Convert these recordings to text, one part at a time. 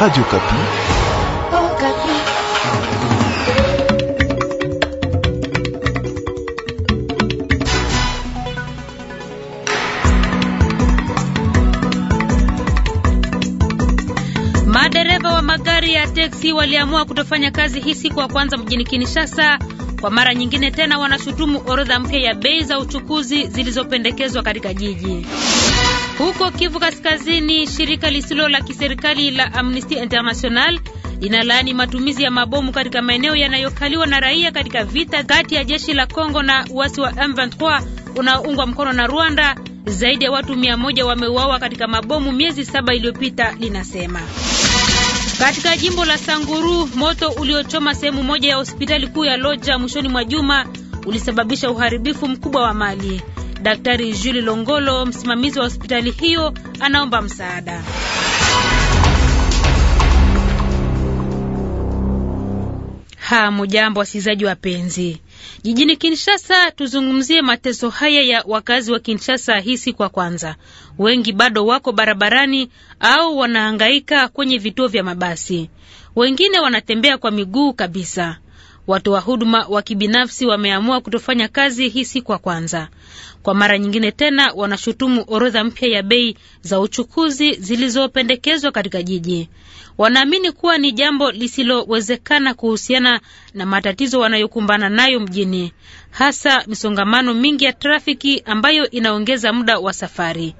Radio Okapi. Oh, Madereva wa magari ya teksi waliamua kutofanya kazi hii siku ya kwanza mjini Kinshasa. Kwa mara nyingine tena wanashutumu orodha mpya ya bei za uchukuzi zilizopendekezwa katika jiji. Huko Kivu Kaskazini, shirika lisilo la kiserikali la Amnesty International linalaani matumizi ya mabomu katika maeneo yanayokaliwa na raia katika vita kati ya jeshi la Kongo na uasi wa M23 unaoungwa mkono na Rwanda. Zaidi ya watu mia moja wameuawa katika mabomu miezi saba iliyopita, linasema. Katika jimbo la Sanguru, moto uliochoma sehemu moja ya hospitali kuu ya Loja mwishoni mwa juma ulisababisha uharibifu mkubwa wa mali. Daktari juli Longolo, msimamizi wa hospitali hiyo, anaomba msaada. Hamujambo wasikilizaji wapenzi. Jijini Kinshasa, tuzungumzie mateso haya ya wakazi wa Kinshasa hii siku ya kwanza. Wengi bado wako barabarani au wanahangaika kwenye vituo vya mabasi, wengine wanatembea kwa miguu kabisa. Watoa huduma wa kibinafsi wameamua kutofanya kazi hii siku ya kwanza. Kwa mara nyingine tena, wanashutumu orodha mpya ya bei za uchukuzi zilizopendekezwa katika jiji. Wanaamini kuwa ni jambo lisilowezekana kuhusiana na matatizo wanayokumbana nayo mjini, hasa misongamano mingi ya trafiki ambayo inaongeza muda wa safari.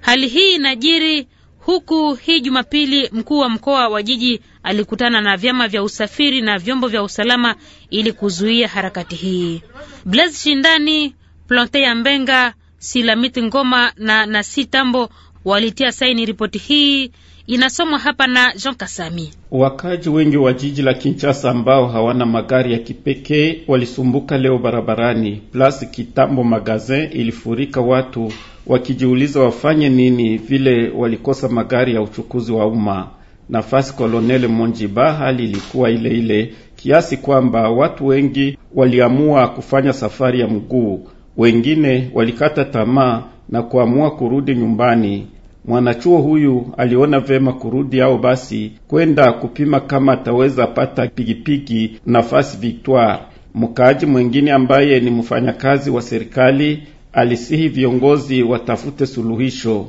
Hali hii inajiri Huku hii Jumapili mkuu wa mkoa wa jiji alikutana na vyama vya usafiri na vyombo vya usalama ili kuzuia harakati hii. Blaise Shindani, Plante ya Mbenga, Silamiti Ngoma na Nasi Tambo walitia saini ripoti hii inasomwa hapa na Jean Kasami. Wakaji wengi wa jiji la Kinshasa ambao hawana magari ya kipekee walisumbuka leo barabarani. Plasi Kitambo Magazin ilifurika watu wakijiuliza wafanye nini, vile walikosa magari ya uchukuzi wa umma. Nafasi colonel Monjiba, hali ilikuwa ile ile kiasi kwamba watu wengi waliamua kufanya safari ya mguu, wengine walikata tamaa na kuamua kurudi nyumbani. Mwanachuo huyu aliona vema kurudi au basi kwenda kupima kama ataweza pata pigipigi nafasi Victoire. Mkaaji mwingine ambaye ni mfanyakazi wa serikali alisihi viongozi watafute suluhisho.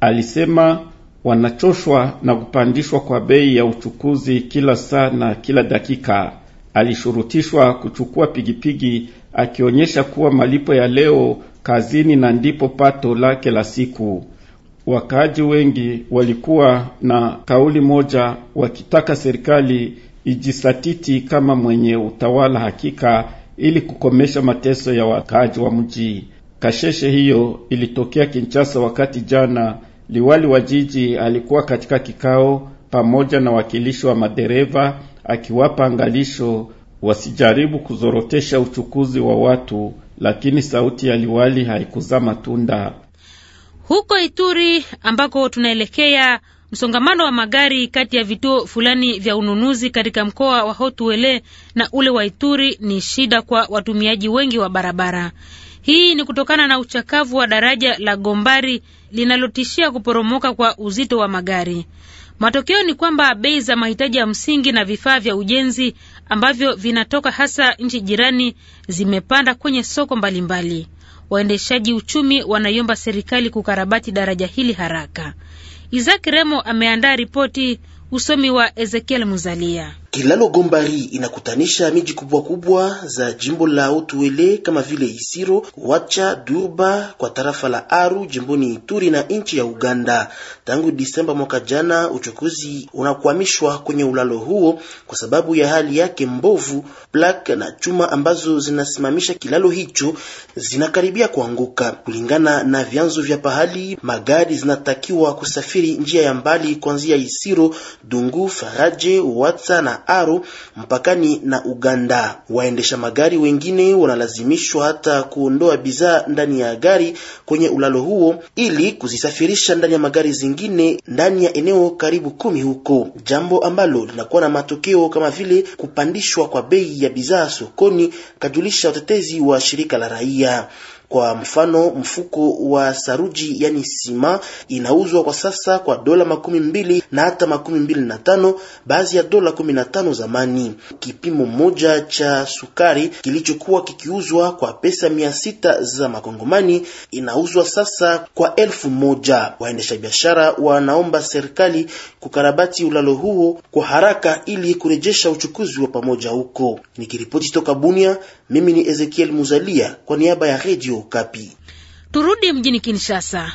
Alisema wanachoshwa na kupandishwa kwa bei ya uchukuzi kila saa na kila dakika. Alishurutishwa kuchukua pigipigi, akionyesha kuwa malipo ya leo kazini na ndipo pato lake la siku. Wakaaji wengi walikuwa na kauli moja, wakitaka serikali ijisatiti kama mwenye utawala hakika, ili kukomesha mateso ya wakaaji wa mji. Kasheshe hiyo ilitokea Kinshasa wakati jana liwali wa jiji alikuwa katika kikao pamoja na wakilishi wa madereva akiwapa angalisho wasijaribu kuzorotesha uchukuzi wa watu, lakini sauti ya liwali haikuzaa matunda. Huko Ituri ambako tunaelekea, msongamano wa magari kati ya vituo fulani vya ununuzi katika mkoa wa Hotuele na ule wa Ituri ni shida kwa watumiaji wengi wa barabara. Hii ni kutokana na uchakavu wa daraja la Gombari linalotishia kuporomoka kwa uzito wa magari. Matokeo ni kwamba bei za mahitaji ya msingi na vifaa vya ujenzi ambavyo vinatoka hasa nchi jirani zimepanda kwenye soko mbalimbali mbali waendeshaji uchumi wanaiomba serikali kukarabati daraja hili haraka. Isaac Remo ameandaa ripoti, usomi wa Ezekiel Muzalia. Kilalo Gombari inakutanisha miji kubwa kubwa za jimbo la Otuele kama vile Isiro, Wacha, Durba kwa tarafa la Aru jimboni Ituri na nchi ya Uganda. Tangu Disemba mwaka jana, uchukuzi unakwamishwa kwenye ulalo huo kwa sababu ya hali yake mbovu. Plaka na chuma ambazo zinasimamisha kilalo hicho zinakaribia kuanguka. Kulingana na vyanzo vya pahali, magari zinatakiwa kusafiri njia ya mbali kuanzia Isiro, Dungu, Faraje, Wacha na Aru mpakani na Uganda. Waendesha magari wengine wanalazimishwa hata kuondoa bidhaa ndani ya gari kwenye ulalo huo ili kuzisafirisha ndani ya magari zingine ndani ya eneo karibu kumi huko, jambo ambalo linakuwa na matokeo kama vile kupandishwa kwa bei ya bidhaa sokoni, kajulisha utetezi wa shirika la raia. Kwa mfano mfuko wa saruji yani sima inauzwa kwa sasa kwa dola makumi mbili na hata makumi mbili na tano baadhi ya dola kumi na tano zamani. Kipimo moja cha sukari kilichokuwa kikiuzwa kwa pesa mia sita za makongomani inauzwa sasa kwa elfu moja. Waendesha biashara wanaomba serikali kukarabati ulalo huo kwa haraka ili kurejesha uchukuzi wa pamoja huko. Nikiripoti toka Bunia, mimi ni Ezekiel Muzalia kwa niaba ya Radio Okapi. Turudi mjini Kinshasa.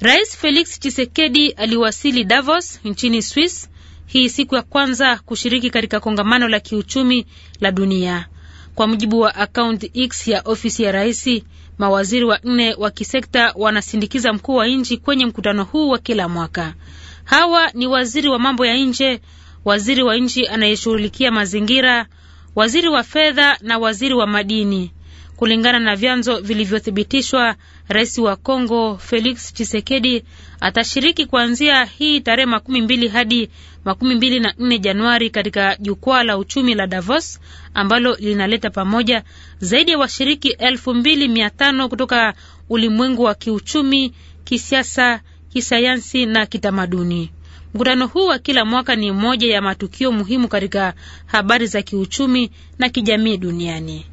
Rais Felix Tshisekedi aliwasili Davos nchini Swiss hii siku ya kwanza kushiriki katika kongamano la kiuchumi la dunia. Kwa mujibu wa akaunti X ya ofisi ya rais, mawaziri wa nne wa kisekta wanasindikiza mkuu wa nchi kwenye mkutano huu wa kila mwaka. Hawa ni waziri wa mambo ya nje, waziri wa nchi anayeshughulikia mazingira, waziri wa fedha na waziri wa madini. Kulingana na vyanzo vilivyothibitishwa, rais wa Kongo Felix Tshisekedi atashiriki kuanzia hii tarehe makumi mbili hadi makumi mbili na nne Januari katika jukwaa la uchumi la Davos ambalo linaleta pamoja zaidi ya washiriki elfu mbili mia tano kutoka ulimwengu wa kiuchumi, kisiasa, kisayansi na kitamaduni. Mkutano huu wa kila mwaka ni moja ya matukio muhimu katika habari za kiuchumi na kijamii duniani.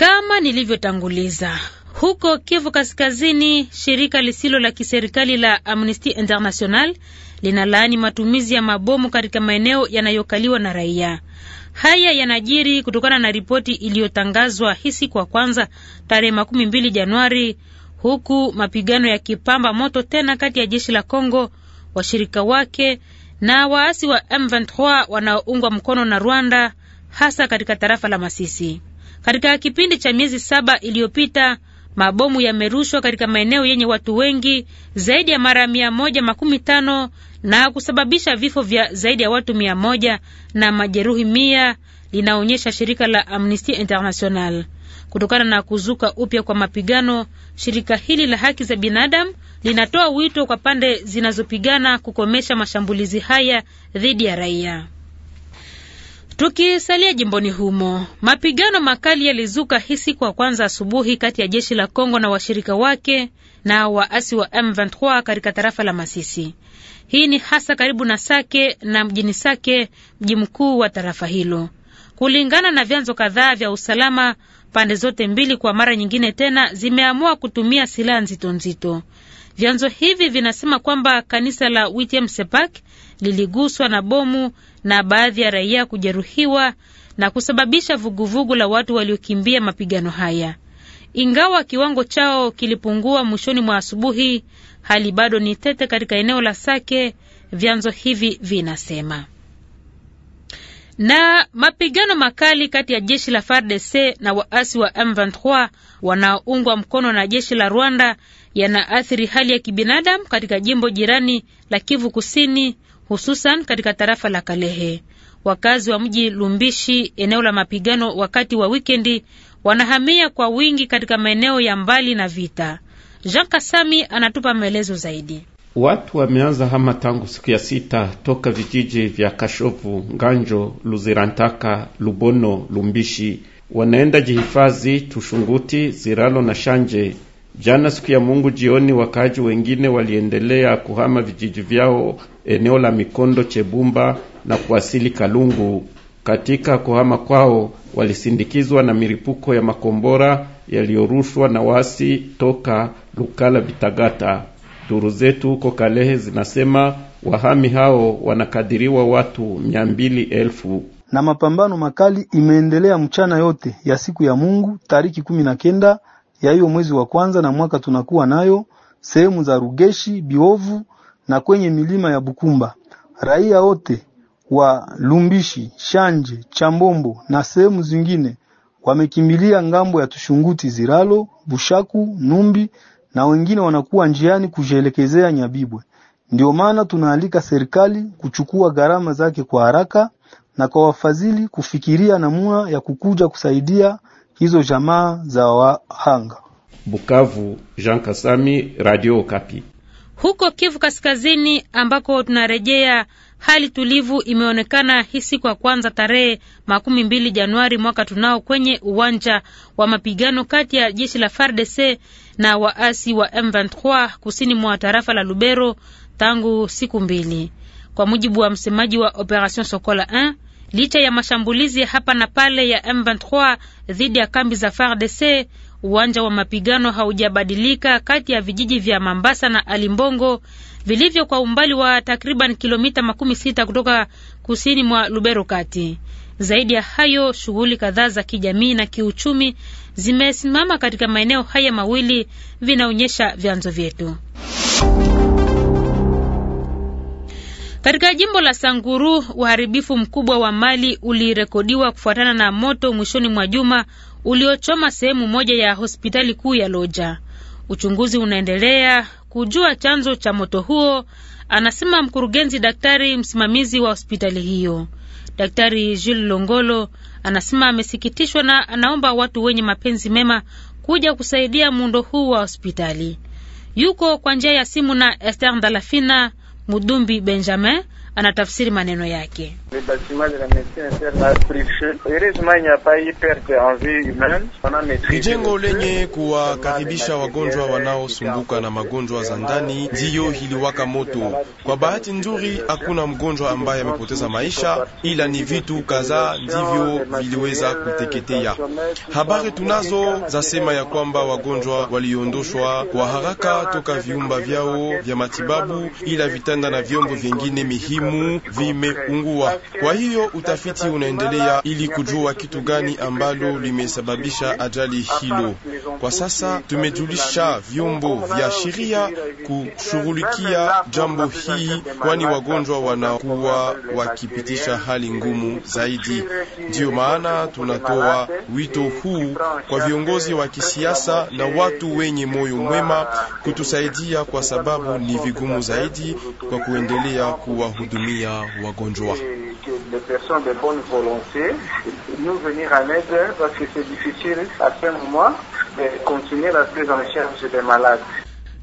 Kama nilivyotanguliza huko Kivu Kaskazini, shirika lisilo la kiserikali la Amnesty International linalaani matumizi ya mabomu katika maeneo yanayokaliwa na raia. Haya yanajiri kutokana na ripoti iliyotangazwa hisi kwa kwanza tarehe makumi mbili Januari, huku mapigano yakipamba moto tena kati ya jeshi la Congo, washirika wake na waasi wa M23 wanaoungwa mkono na Rwanda, hasa katika tarafa la Masisi. Katika kipindi cha miezi saba iliyopita mabomu yamerushwa katika maeneo yenye watu wengi zaidi ya mara mia moja makumi tano na kusababisha vifo vya zaidi ya watu mia moja na majeruhi mia, linaonyesha shirika la Amnesty International. Kutokana na kuzuka upya kwa mapigano, shirika hili la haki za binadamu linatoa wito kwa pande zinazopigana kukomesha mashambulizi haya dhidi ya raia. Tukisalia jimboni humo, mapigano makali yalizuka hisi kwa kwanza asubuhi kati ya jeshi la Kongo na washirika wake na waasi wa M23 katika tarafa la Masisi. Hii ni hasa karibu na Sake na mjini Sake, mji mkuu wa tarafa hilo. Kulingana na vyanzo kadhaa vya usalama, pande zote mbili kwa mara nyingine tena zimeamua kutumia silaha nzito nzito. Vyanzo hivi vinasema kwamba kanisa la Witiem Sepak liliguswa na bomu na baadhi ya raia kujeruhiwa na kusababisha vuguvugu la watu waliokimbia mapigano haya. Ingawa kiwango chao kilipungua mwishoni mwa asubuhi, hali bado ni tete katika eneo la Sake, vyanzo hivi vinasema. Na mapigano makali kati ya jeshi la FARDC na waasi wa M23 wanaoungwa mkono na jeshi la Rwanda yanaathiri hali ya kibinadamu katika jimbo jirani la Kivu Kusini hususan katika tarafa la Kalehe. Wakazi wa mji Lumbishi, eneo la mapigano wakati wa wikendi, wanahamia kwa wingi katika maeneo ya mbali na vita. Jean Kasami anatupa maelezo zaidi. Watu wameanza hama tangu siku ya sita toka vijiji vya Kashovu, Nganjo, Luzirantaka, Lubono, Lumbishi, wanaenda jihifadhi Tushunguti, Ziralo na Shanje. Jana siku ya Mungu jioni, wakaaji wengine waliendelea kuhama vijiji vyao eneo la Mikondo, Chebumba na kuwasili Kalungu. Katika kuhama kwao walisindikizwa na miripuko ya makombora yaliyorushwa na wasi toka Lukala Vitagata. Duru zetu huko Kalehe zinasema wahami hao wanakadiriwa watu mia mbili elfu na mapambano makali imeendelea mchana yote ya siku ya Mungu tariki kumi na kenda ya hiyo mwezi wa kwanza na mwaka tunakuwa nayo sehemu za Rugeshi, Biovu na kwenye milima ya Bukumba. Raia wote wa Lumbishi, Shanje, Chambombo na sehemu zingine wamekimbilia ngambo ya Tushunguti, Ziralo, Bushaku, Numbi na wengine wanakuwa njiani kujielekezea Nyabibwe. Ndio maana tunaalika serikali kuchukua gharama zake kwa haraka na kwa wafadhili kufikiria namna ya kukuja kusaidia hizo jamaa za wahanga. Bukavu, Jean Kasami, Radio Kapi. Huko Kivu Kaskazini ambako tunarejea, hali tulivu imeonekana hii siku ya kwanza tarehe makumi mbili Januari mwaka tunao kwenye uwanja wa mapigano kati ya jeshi la FARDC na waasi wa M23 kusini mwa tarafa la Lubero tangu siku mbili, kwa mujibu wa msemaji wa Operation Sokola 1. Licha ya mashambulizi hapa na pale ya M23 dhidi ya kambi za FARDC, Uwanja wa mapigano haujabadilika kati ya vijiji vya Mambasa na Alimbongo vilivyo kwa umbali wa takriban kilomita makumi sita kutoka kusini mwa Lubero kati. Zaidi ya hayo, shughuli kadhaa za kijamii na kiuchumi zimesimama katika maeneo haya mawili, vinaonyesha vyanzo vyetu. Katika jimbo la Sanguru, uharibifu mkubwa wa mali ulirekodiwa kufuatana na moto mwishoni mwa juma uliochoma sehemu moja ya hospitali kuu ya Loja. Uchunguzi unaendelea kujua chanzo cha moto huo, anasema mkurugenzi daktari msimamizi wa hospitali hiyo. Daktari Jules Longolo anasema amesikitishwa na anaomba watu wenye mapenzi mema kuja kusaidia muundo huu wa hospitali. Yuko kwa njia ya simu na Esther dalafina Mudumbi Benjamin anatafsiri maneno yake. Ni jengo lenye kuwakaribisha wagonjwa wanaosumbuka na magonjwa za ndani, ndiyo iliwaka moto. Kwa bahati nzuri, hakuna mgonjwa ambaye amepoteza maisha, ila ni vitu kadhaa ndivyo viliweza kuteketea. Habari tunazo zasema ya kwamba wagonjwa waliondoshwa kwa haraka toka viumba vyao vya matibabu, ila vitanda na vyombo vingine mihimu elimu vimeungua. Kwa hiyo utafiti unaendelea ili kujua kitu gani ambalo limesababisha ajali hilo. Kwa sasa tumejulisha vyombo vya sheria kushughulikia jambo hii, kwani wagonjwa wanakuwa wakipitisha hali ngumu zaidi. Ndiyo maana tunatoa wito huu kwa viongozi wa kisiasa na watu wenye moyo mwema kutusaidia, kwa sababu ni vigumu zaidi kwa kuendelea kuwa kuhudumia wagonjwa.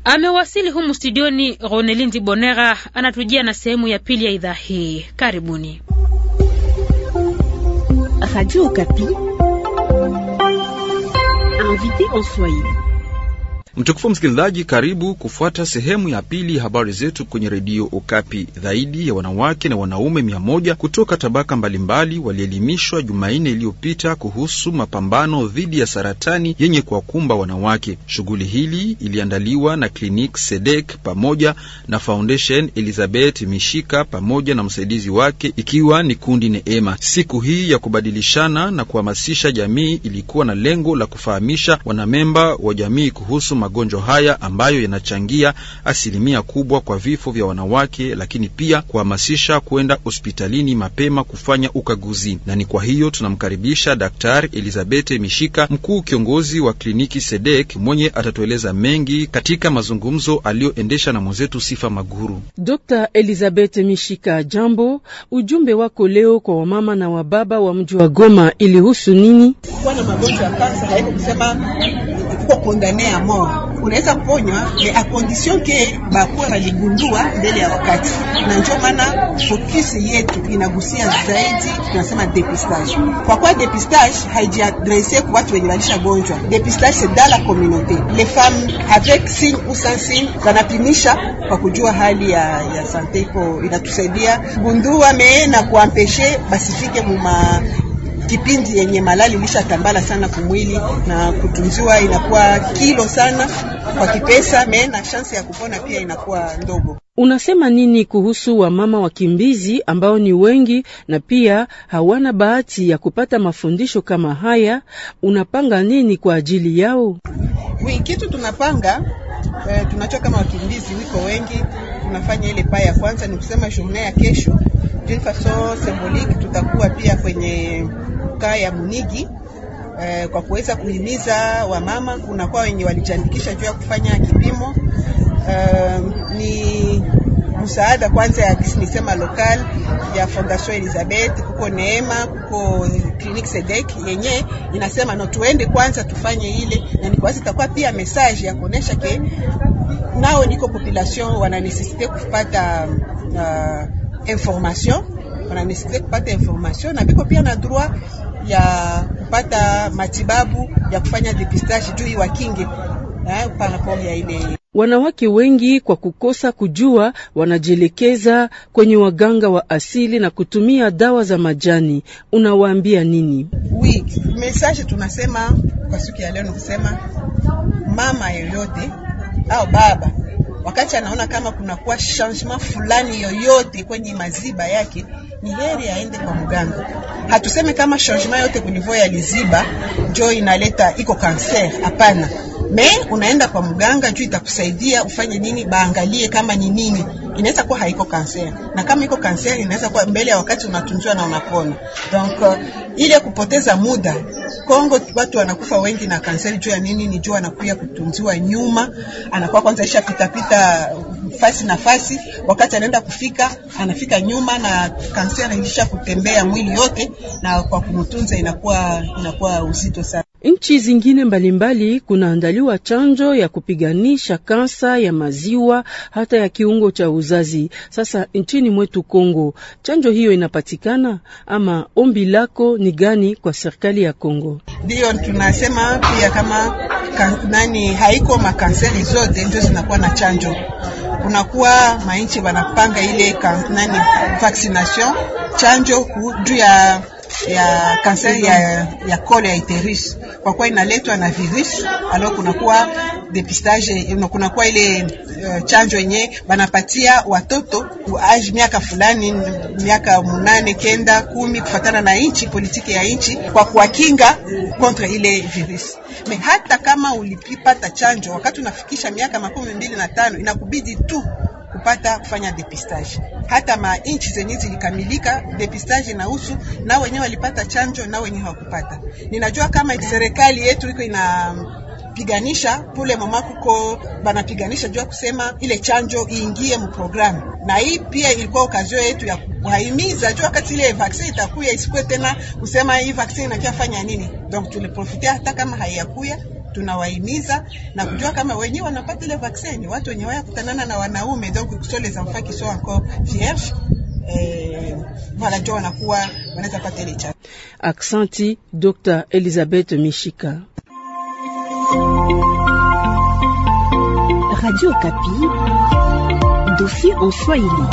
Amewasili humu studioni. Ronelindi Bonera anatujia na sehemu ya pili ya idhaa hii. Karibuni Radio Okapi. Mtukufu msikilizaji, karibu kufuata sehemu ya pili ya habari zetu kwenye redio Okapi. Zaidi ya wanawake na wanaume mia moja kutoka tabaka mbalimbali walielimishwa Jumanne iliyopita kuhusu mapambano dhidi ya saratani yenye kuwakumba wanawake. Shughuli hili iliandaliwa na klinik Sedek pamoja na Foundation Elizabeth Mishika pamoja na msaidizi wake, ikiwa ni kundi Neema. Siku hii ya kubadilishana na kuhamasisha jamii ilikuwa na lengo la kufahamisha wanamemba wa jamii kuhusu magonjwa haya ambayo yanachangia asilimia kubwa kwa vifo vya wanawake, lakini pia kuhamasisha kwenda hospitalini mapema kufanya ukaguzi. Na ni kwa hiyo tunamkaribisha Daktari Elizabeth Mishika, mkuu kiongozi wa kliniki Sedek, mwenye atatueleza mengi katika mazungumzo aliyoendesha na mwenzetu Sifa Maguru. Dr. Elizabeth Mishika, jambo. Ujumbe wako leo kwa wamama na wababa wa mji wa Goma ilihusu nini? kuko kondane ya mort unaweza kuponywa a condition ke bakuwa waligundua mbele ya wakati, na njo maana focus yetu inagusia zaidi, tunasema depistage. Kwa kuwa depistage haijiadrese kwa watu wenye walisha gonjwa, depistage c'est dans la communauté les femmes avec signe ou sans signe zanapimisha kwa kujua hali ya, ya sante, ipo inatusaidia gundua meena na kuampeshe basifike muma kipindi yenye malali tambala sana kumwili na kutunziwa inakuwa kilo sana kwa kipesa me na shansi ya kupona pia inakuwa ndogo. Unasema nini kuhusu wamama wakimbizi ambao ni wengi na pia hawana bahati ya kupata mafundisho kama haya? Unapanga nini kwa ajili yao? Kitu tunapanga eh, tunachoka kama wakimbizi wiko wengi tunafanya ile paa ya kwanza, ni kusema journée ya kesho d'une façon symbolique tutakuwa pia kwenye kaa ya Munigi eh, kwa kuweza kuhimiza wamama, kuna kwa wenye walijiandikisha juu ya kufanya kipimo eh, ni msaada kwanza ya nisema lokal ya Fondation Elizabeth, kuko Neema, kuko Clinique Sedek yenye inasema no, tuende kwanza tufanye ile, na ni kwasi itakuwa pia message ya kuonesha ke nao niko population wananisisite kupata uh, information wananisisite kupata information na biko pia na droit ya kupata matibabu ya kufanya depistage juu iwakinge eh, parapor ya ile Wanawake wengi kwa kukosa kujua, wanajielekeza kwenye waganga wa asili na kutumia dawa za majani. Unawaambia nini? Oui, message tunasema kwa siku ya leo ni kusema mama yoyote au baba wakati anaona kama kunakuwa changement fulani yoyote kwenye maziba yake, ni heri aende kwa mganga. Hatuseme kama changement yote kwenye voya ya liziba njo inaleta iko kanser, hapana me unaenda kwa mganga juu itakusaidia ufanye nini, baangalie kama ni nini. Inaweza kuwa haiko kanseri, na kama iko kanseri inaweza kuwa mbele ya wakati unatunziwa na unapona. Donc uh, ile kupoteza muda, Kongo watu wanakufa wengi na kanseri juu ya nini? Ni juu anakuya kutunziwa nyuma, anakuwa kwanza isha pita pita fasi na fasi, wakati anaenda kufika anafika nyuma na kanseri ilisha kutembea mwili yote, na kwa kumtunza inakuwa inakuwa uzito sana. Nchi zingine mbalimbali kunaandaliwa chanjo ya kupiganisha kansa ya maziwa hata ya kiungo cha uzazi. Sasa nchini mwetu Kongo, chanjo hiyo inapatikana ama? Ombi lako ni gani kwa serikali ya Kongo? Ndiyo tunasema pia kama kan, nani haiko makanseri zote ndio zinakuwa na chanjo. Kunakuwa manchi wanapanga ile kan, nani vaccination chanjo juu ya ya kanseri ya, ya kole ya uterus kwa kuwa inaletwa na virus. alo kunakuwa depistage, kunakuwa ile uh, chanjo yenye banapatia watoto age miaka fulani, miaka munane kenda kumi, kufatana na inchi politiki ya inchi, kwa kuwakinga kontre ile virus. Me hata kama ulipipata chanjo wakati unafikisha miaka makumi mbili na tano inakubidi tu kupata kufanya depistage. Hata ma zenye zilikamilika depistage usu na wenyewe walipata chanjo na wenyewe hawakupata. Ninajua kama serikali yetu iko ina piganisha pule mama kuko banapiganisha jua kusema ile chanjo iingie mprogramu, na hii pia ilikuwa okazio yetu ya kuhimiza jua wakati ile vaccine itakuya, isikuwe tena kusema hii vaccine inakia fanya nini. Donc tuliprofitia hata kama haiyakuya tunawahimiza na kujua kama wenyewe wanapata ile vaksini, watu wenye wayakutanana na wanaume donc kusoleza mfa kiso encore vierge eh, wala wanakuwa wanaweza pata ile chanjo. Aksanti Dr. Elizabeth Mishika. Radio Kapi, dofi en Swahili.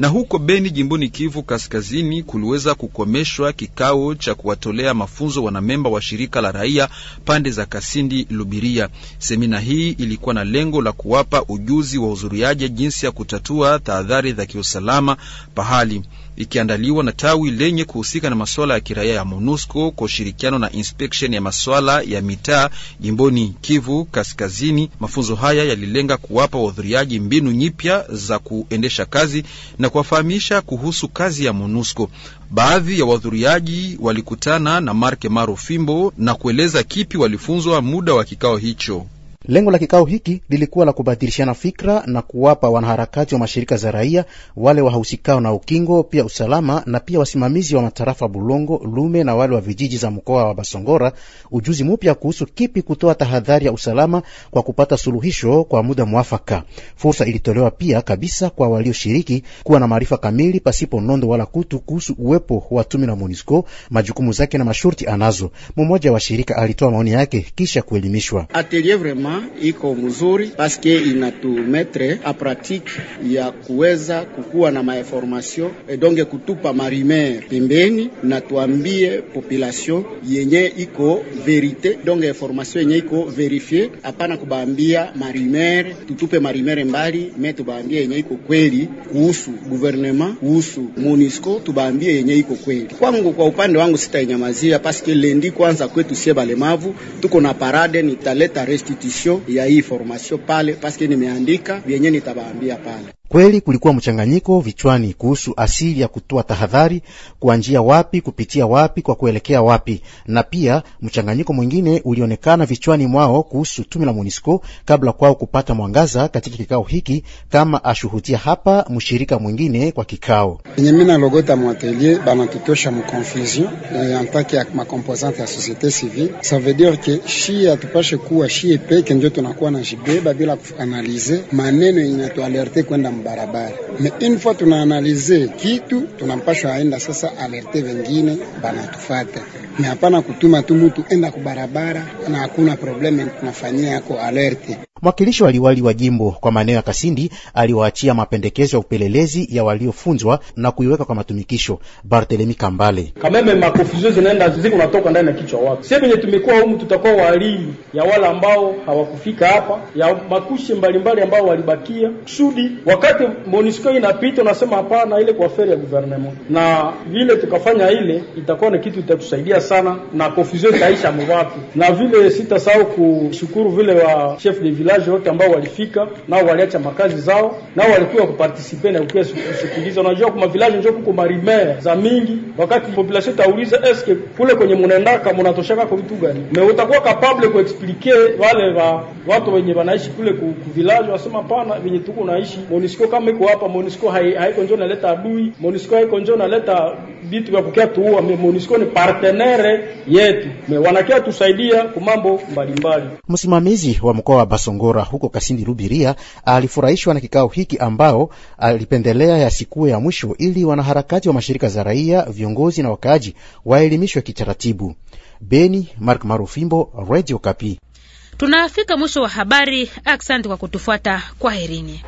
Na huko Beni, jimboni Kivu Kaskazini, kuliweza kukomeshwa kikao cha kuwatolea mafunzo wanamemba wa shirika la raia pande za Kasindi Lubiria. Semina hii ilikuwa na lengo la kuwapa ujuzi wa uzuriaji jinsi ya kutatua tahadhari za kiusalama pahali ikiandaliwa na tawi lenye kuhusika na masuala ya kiraia ya MONUSCO kwa ushirikiano na inspection ya masuala ya mitaa jimboni Kivu Kaskazini. Mafunzo haya yalilenga kuwapa wahudhuriaji mbinu nyipya za kuendesha kazi na kuwafahamisha kuhusu kazi ya MONUSCO. Baadhi ya wahudhuriaji walikutana na Marke Maro Fimbo na kueleza kipi walifunzwa muda wa kikao hicho. Lengo la kikao hiki lilikuwa la kubadilishana fikra na kuwapa wanaharakati wa mashirika za raia wale wahusikao na ukingo, pia usalama, na pia wasimamizi wa matarafa Bulongo, Lume na wale wa vijiji za mkoa wa Basongora ujuzi mupya kuhusu kipi kutoa tahadhari ya usalama kwa kupata suluhisho kwa muda mwafaka. Fursa ilitolewa pia kabisa kwa walioshiriki kuwa na maarifa kamili pasipo nondo wala kutu kuhusu uwepo wa tumi na MONUSCO, majukumu zake na masharti anazo. Mmoja wa shirika alitoa maoni yake kisha kuelimishwa Atelier vraiment iko mzuri paske inatumetre a pratique ya kuweza kukuwa na mainformation edonge kutupa marimere pembeni na tuambie population yenye iko verite donge information yenye iko verifie, hapana kubaambia marimere, tutupe marimere mbali me tubaambie yenye iko kweli kuhusu gouvernement, kuhusu MONUSCO, tubaambie yenye iko kweli. Kwangu kwa upande wangu sitainyamazia paske lendi kwanza kwetu sie balemavu tuko na parade, nitaleta restitution description ya hii formation pale, paske nimeandika vyenye nitabaambia pale. Kweli kulikuwa mchanganyiko vichwani kuhusu asili ya kutoa tahadhari, kuanjia wapi, kupitia wapi, kwa kuelekea wapi, na pia mchanganyiko mwingine ulionekana vichwani mwao kuhusu tume la MONUSCO kabla kwao kupata mwangaza katika kikao hiki, kama ashuhudia hapa mshirika mwingine kwa kikao enye mina logota banatutosha mconfusion eh, antake ya makomposante ya societe civile sa veut dire ke shie atupashe kuwa shie peke ndio tunakuwa na jibeba bila kuanalize maneno yenye kwenda mubarabara me info tunaanalize kitu tunampashwa aenda sasa alerte vengine banatufata, me hapana kutuma tu mutu enda kubarabara na hakuna probleme tunafanyia yako alerte Mwakilishi wa liwali wa jimbo kwa maeneo ya Kasindi aliwaachia mapendekezo ya upelelezi ya waliofunzwa na kuiweka kwa matumikisho. bartelemi Kambale: kameme makofuzio zinaenda ziko natoka ndani ya kichwa watu, sie venye tumekuwa humu, tutakuwa walimu ya wale ambao hawakufika hapa, ya makushi mbalimbali ambao walibakia, kusudi wakati MONUSCO inapita unasema hapana, ile kwa feri ya gouvernement, na vile tukafanya ile itakuwa ni kitu itatusaidia sana na kofuzio itaisha mwatu, na vile sitasahau kushukuru vile wa chef de village vilaji wote ambao walifika nao waliacha makazi zao nao walikuwa kupartisipe na kukuya kusikiliza. Unajua kuma village njoo kuko marimere za mingi, wakati population tauliza eske kule kwenye munendaka munatoshaka kwa vitu gani, me utakuwa kapable kuexplike wale wa watu wenye wanaishi kule ku, ku wasema pana venye tuko naishi, Monisco kama iko hapa, Monisco haiko hai naleta adui, Monisco haiko njoo naleta vitu vya kukiatuua. MONUSCO ni partenere yetu, wanakia tusaidia kwa mambo mbalimbali. Msimamizi wa mkoa wa Basongora huko Kasindi Rubiria alifurahishwa na kikao hiki ambao alipendelea ya siku ya mwisho ili wanaharakati wa mashirika za raia, viongozi na wakaaji waelimishwe kitaratibu. Beni, Mark Marufimbo, Radio Kapi. Tunafika mwisho wa habari. Asante kwa kutufuata. Kwaherini.